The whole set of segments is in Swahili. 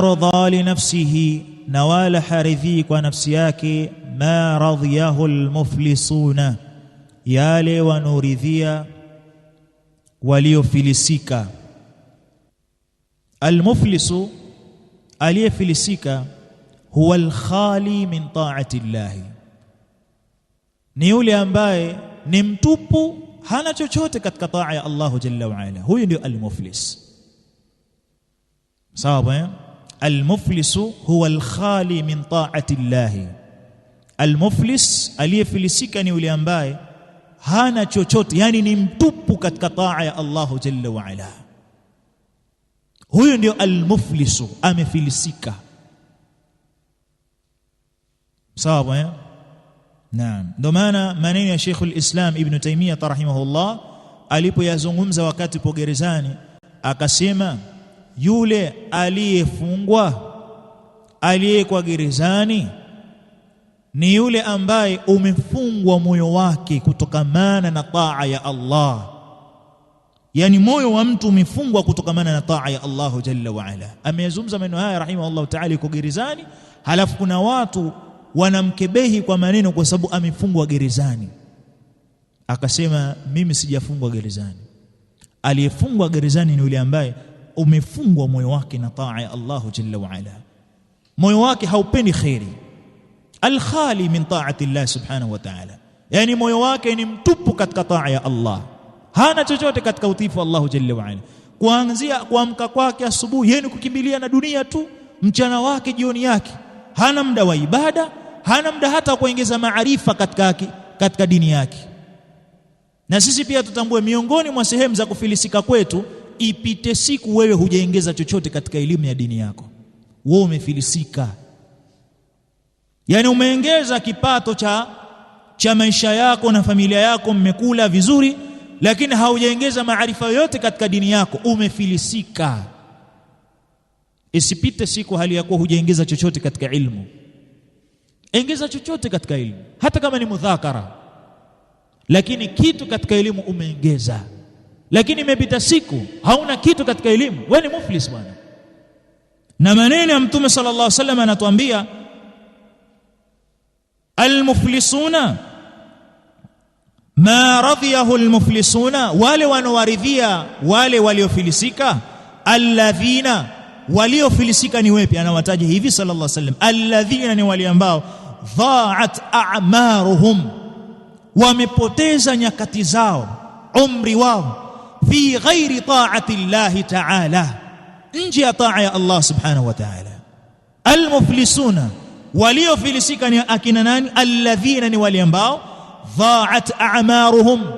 رضى لنفسه نوال حارثي ونفسي ما رضيه المفلسون يالي ونورثيا وليفلسيكا المفلس أليفلسيكا هو الخالي من طاعة الله نيولي أمباي نمتوبو هانا تشوتك كطاعة الله جل وعلا هو المفلس صابين almuflisu huwa alkhali min taati llahi, almuflis aliyefilisika ni yule ambaye hana chochote, yani ni mtupu katika taa ya Allahu jalla waala Huyu ndio almuflisu, amefilisika. Sawa eh? Naam, ndio maana maneno ya Sheikhul Islam Ibn Taymiyyah rahimahullah alipoyazungumza wakati po gerezani akasema yule aliyefungwa aliyekwa gerezani ni yule ambaye umefungwa moyo wake kutokamana na taa ya Allah. Yani moyo wa mtu umefungwa kutokamana na taa ya Allahu jalla waala. Ameyazungumza maneno haya rahimahullahu taala, yuko gerezani, halafu kuna watu wanamkebehi kwa maneno kwa sababu amefungwa gerezani. Akasema mimi sijafungwa gerezani, aliyefungwa gerezani ni yule ambaye umefungwa moyo wake na taa ya Allahu jalla wa ala, moyo wake haupendi kheri, alkhali min taati Allah subhanahu wa ta'ala, yani moyo wake ni mtupu katika taa ya Allah, hana chochote katika utiifu wa Allahu jalla wa ala. Kuanzia kuamka kwake asubuhi, yeye ni kukimbilia na dunia tu, mchana wake, jioni yake, hana muda wa ibada, hana muda hata wa kuongeza maarifa katika, katika dini yake. Na sisi pia tutambue miongoni mwa sehemu za kufilisika kwetu ipite siku wewe hujaongeza chochote katika elimu ya dini yako, wewe umefilisika. Yaani umeongeza kipato cha, cha maisha yako na familia yako, mmekula vizuri, lakini haujaongeza maarifa yoyote katika dini yako, umefilisika. Isipite siku hali ya kuwa hujaongeza chochote katika ilmu. Ongeza chochote katika elimu, hata kama ni mudhakara, lakini kitu katika elimu umeongeza lakini imepita siku, hauna kitu katika elimu, wewe ni muflis bwana. Na maneno ya Mtume sallallahu alaihi wasallam anatuambia, almuflisuna ma radhiyahu almuflisuna, wale wanaowaridhia wale waliofilisika. Alladhina, waliofilisika ni wepi? Anawataja hivi sallallahu alaihi wasallam, alladhina ni wale ambao dhaat a'maruhum, wamepoteza nyakati zao, umri wao في غير طاعة الله تعالى نجي طاعة يا الله سبحانه وتعالى المفلسون وليو فلسيكا أكننان الذين نولي ضاعت أعمارهم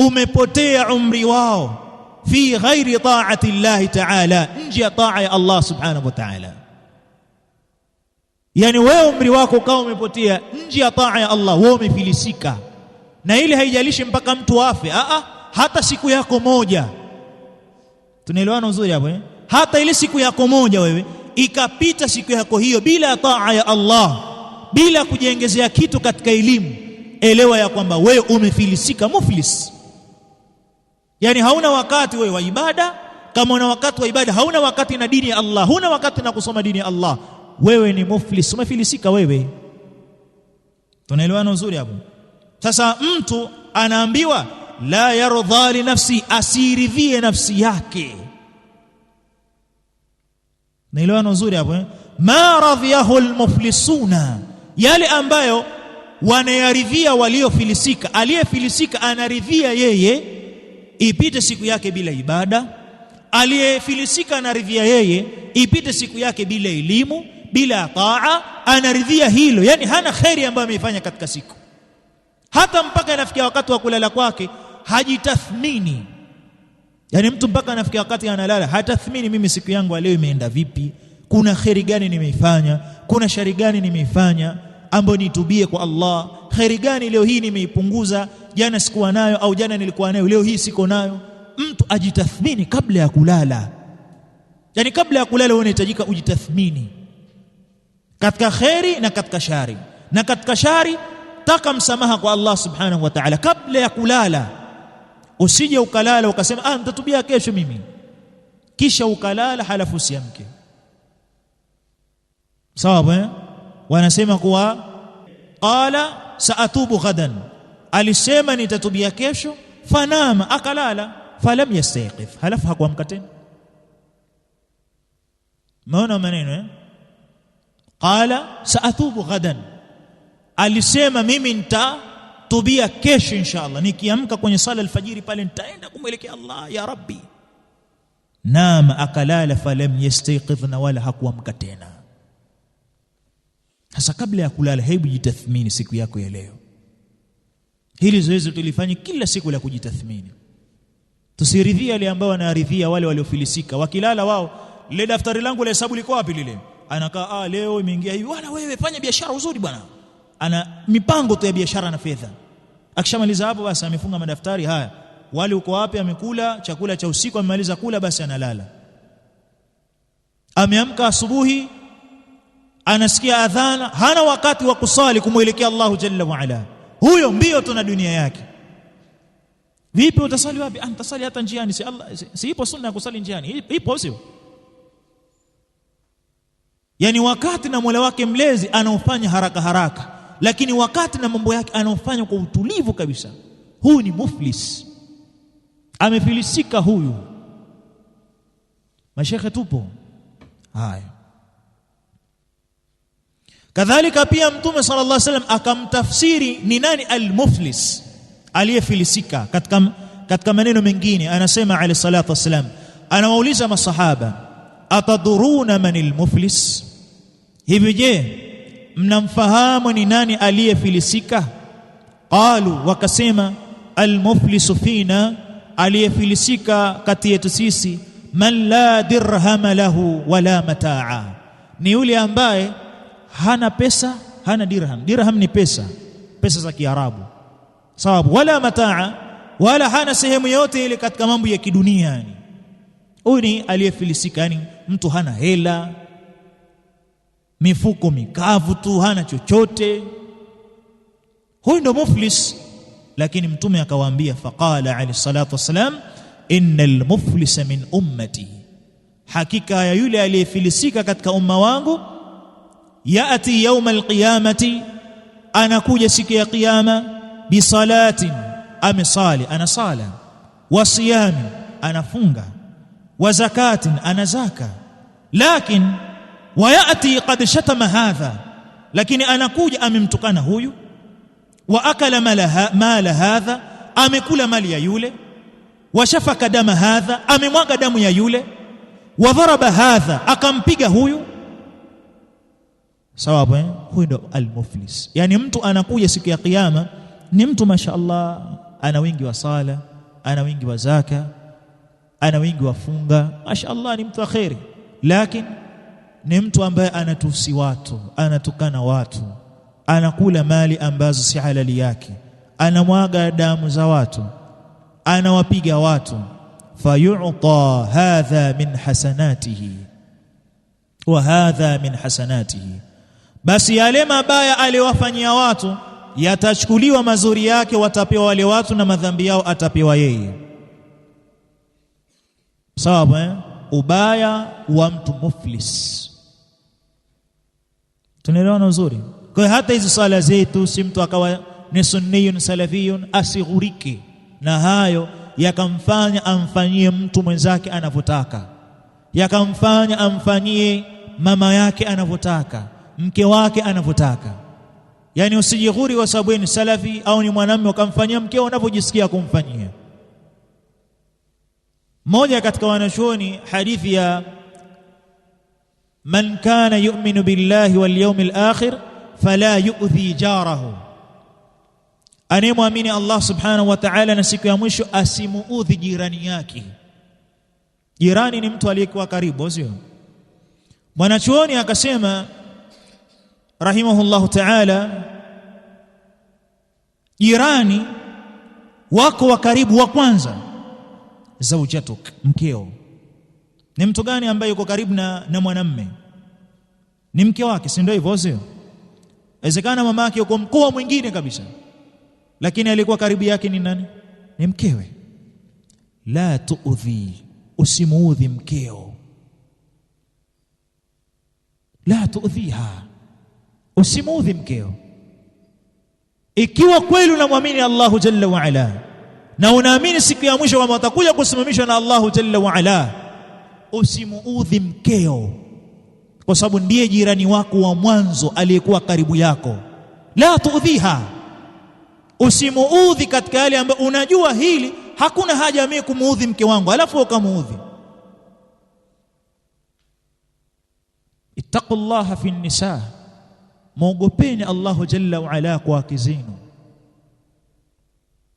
أمبوتي عمري واو في غير طاعة الله تعالى نجي طاعة يا الله سبحانه وتعالى يعني وي عمري واكو قوم نجي طاعة يا الله ومي فلسيكا نايلي هيجاليش مبقى متوافي أه hata siku yako moja. Tunaelewana uzuri hapo eh? Hata ile siku yako moja wewe ikapita siku yako hiyo bila taa ya Allah, bila kujengezea kitu katika elimu, elewa ya kwamba wewe umefilisika, muflis. Yani hauna wakati wewe wa ibada. Kama una wakati wa ibada, hauna wakati na dini ya Allah, huna wakati na kusoma dini ya Allah, wewe ni muflis, umefilisika wewe. Tunaelewana uzuri hapo. Sasa mtu anaambiwa la yardha li nafsi, asiridhie nafsi yake. Naelewana nzuri hapo eh? ma radhiyahu almuflisuna, yale ambayo wanayaridhia waliofilisika. Aliyefilisika anaridhia yeye ipite siku yake bila ibada, aliyefilisika anaridhia yeye ipite siku yake bila elimu, bila taa, anaridhia hilo. Yani hana kheri ambayo ameifanya katika siku, hata mpaka inafikia wakati wa kulala kwake hajitathmini. yani mtu mpaka anafikia wakati analala hatathmini, mimi siku yangu leo imeenda vipi? Kuna kheri gani nimeifanya? Kuna shari gani nimeifanya ambayo nitubie kwa Allah? Kheri gani leo hii nimeipunguza, jana sikuwa nayo, au jana nilikuwa nayo, leo hii siko nayo? Mtu ajitathmini kabla ya kulala. yani kabla ya kulala wewe unahitajika ujitathmini katika kheri na katika shari, na katika shari taka msamaha kwa Allah subhanahu wa ta'ala kabla ya kulala usije ukalala ukasema ah nitatubia kesho mimi kisha ukalala halafu usiamke sawa eh? wanasema kuwa qala saatubu ghadan alisema nitatubia kesho fanama akalala falam yastayqif halafu hakuamka tena maona maneno eh? qala saatubu ghadan alisema mimi nita tubia kesho inshallah, nikiamka kwenye sala alfajiri pale nitaenda kumwelekea Allah, ya Rabbi. Nama, akalala falam yastayqidh, na wala hakuamka tena. Sasa kabla ya kulala, hebu jitathmini siku yako ya leo. Hili zoezi tulifanya kila siku la kujitathmini, tusiridhia wale ambao wanaridhia wale waliofilisika, wakilala wao. le daftari langu la hesabu liko wapi? Lile anakaa ah, leo imeingia hivi. Wala wewe fanya biashara uzuri bwana ana mipango tu ya biashara na fedha. Akishamaliza hapo, basi amefunga madaftari haya, wali uko wapi, amekula chakula cha usiku, amemaliza kula, basi analala. Ameamka asubuhi, anasikia adhana, hana wakati wa kusali kumwelekea Allahu jalla waala. Huyo mbio tu na dunia yake. Vipi utasali wapi? Antasali ah, hata njiani? Si Allah, si ipo sunna ya kusali njiani? Ipo, sio? yani wakati na Mola wake mlezi anaofanya haraka haraka lakini wakati na mambo yake anaofanya kwa utulivu kabisa. Huyu ni muflis, amefilisika huyu. Mashekhe tupo haya. Kadhalika pia Mtume sallallahu llah salam akamtafsiri ni nani almuflis, aliyefilisika. Katika, katika maneno mengine anasema alayhi salatu wassalam, anawauliza masahaba atadhuruna man lmuflis hivi je mnamfahamu ni nani aliyefilisika? Qalu, wakasema almuflisu fina, aliyefilisika kati yetu sisi, man la dirhama lahu wala mataa, ni yule ambaye hana pesa, hana dirham. Dirham ni pesa, pesa za Kiarabu, sababu wala mataa, wala hana sehemu yote ile katika mambo ya kidunia. Yani huyu ni aliyefilisika, yani mtu hana hela mifuko mikavu tu, hana chochote. Huyu ndo muflis. Lakini Mtume akawaambia, faqala alayhi salatu wassalam, innal muflisa min ummati, hakika ya yule aliyefilisika katika umma wangu, yati yauma alqiyamati, anakuja siku ya Kiyama, bisalatin, amesali ana sala, wa siyami, anafunga, wa zakatin, ana zaka, lakin wayati qad shatama hadha lakini anakuja amemtukana huyu wa akala mala, hadha amekula mali ya yule washafaka dama hadha amemwaga damu ya yule wadharaba hadha akampiga huyu sawa eh? huyu ndo almuflis yani mtu anakuja siku ya kiyama ni mtu mashaallah ana wingi wa sala ana wingi wa zaka ana wingi wa funga mashaallah ni mtu wa kheri lakini ni mtu ambaye anatusi watu, anatukana watu, anakula mali ambazo si halali yake, anamwaga damu za watu, anawapiga watu. fayuta hadha min hasanatihi wa hadha min hasanatihi, basi yale mabaya aliyowafanyia watu yatachukuliwa, mazuri yake watapewa wale watu na madhambi yao atapewa yeye. Sawa, eh? ubaya wa mtu muflis. Tunaelewana uzuri? Kwa hiyo hata hizi swala zetu, si mtu akawa ni sunniyun salafiyun asighuriki na hayo yakamfanya amfanyie mtu mwenzake anavyotaka, yakamfanya amfanyie mama yake anavyotaka, mke wake anavyotaka. Yaani usijighuri kwa sababu ni salafi au ni mwanamume, ukamfanyia mkeo unavyojisikia kumfanyia. Mmoja katika wanachuoni hadithi ya man kana yu'minu billahi wal yawmil akhir fala yu'dhi jarahu, anayemwamini Allah subhanahu wa ta'ala na siku ya mwisho asimuudhi jirani yake. Jirani ni mtu aliyekuwa karibu, sio? Mwanachuoni akasema rahimahullahu ta'ala, jirani wako wa karibu wa kwanza, zaujatuk, mkeo ni mtu gani ambaye yuko karibu na, na mwanamme? Ni mke wake, si ndio hivyo, sio? Inawezekana mama yake yuko mkoa mwingine kabisa, lakini alikuwa karibu yake ni nani? Ni mkewe. La tuudhi, usimuudhi mkeo. La tuudhiha, usimuudhi mkeo. Ikiwa kweli unamwamini Allahu jalla waala na unaamini siku ya mwisho kwamba watakuja kusimamishwa na Allahu jalla waala usimuudhi mkeo, kwa sababu ndiye jirani wako wa mwanzo aliyekuwa karibu yako. La tuudhiha, usimuudhi katika yale ambayo unajua hili hakuna haja mimi kumuudhi mke wangu, alafu ukamuudhi. Ittaqullaha fi nisa, mwogopeni Allahu jalla wa ala kwa wake zenu.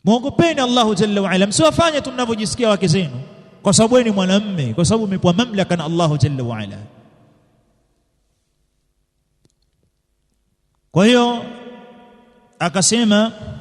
Mwogopeni Allahu jalla wa ala, msiwafanye tu mnavyojisikia wake zenu. kwa sababu wewe ni mwanamme, kwa sababu umepewa mamlaka na Allahu jalla wa ala. Kwa hiyo akasema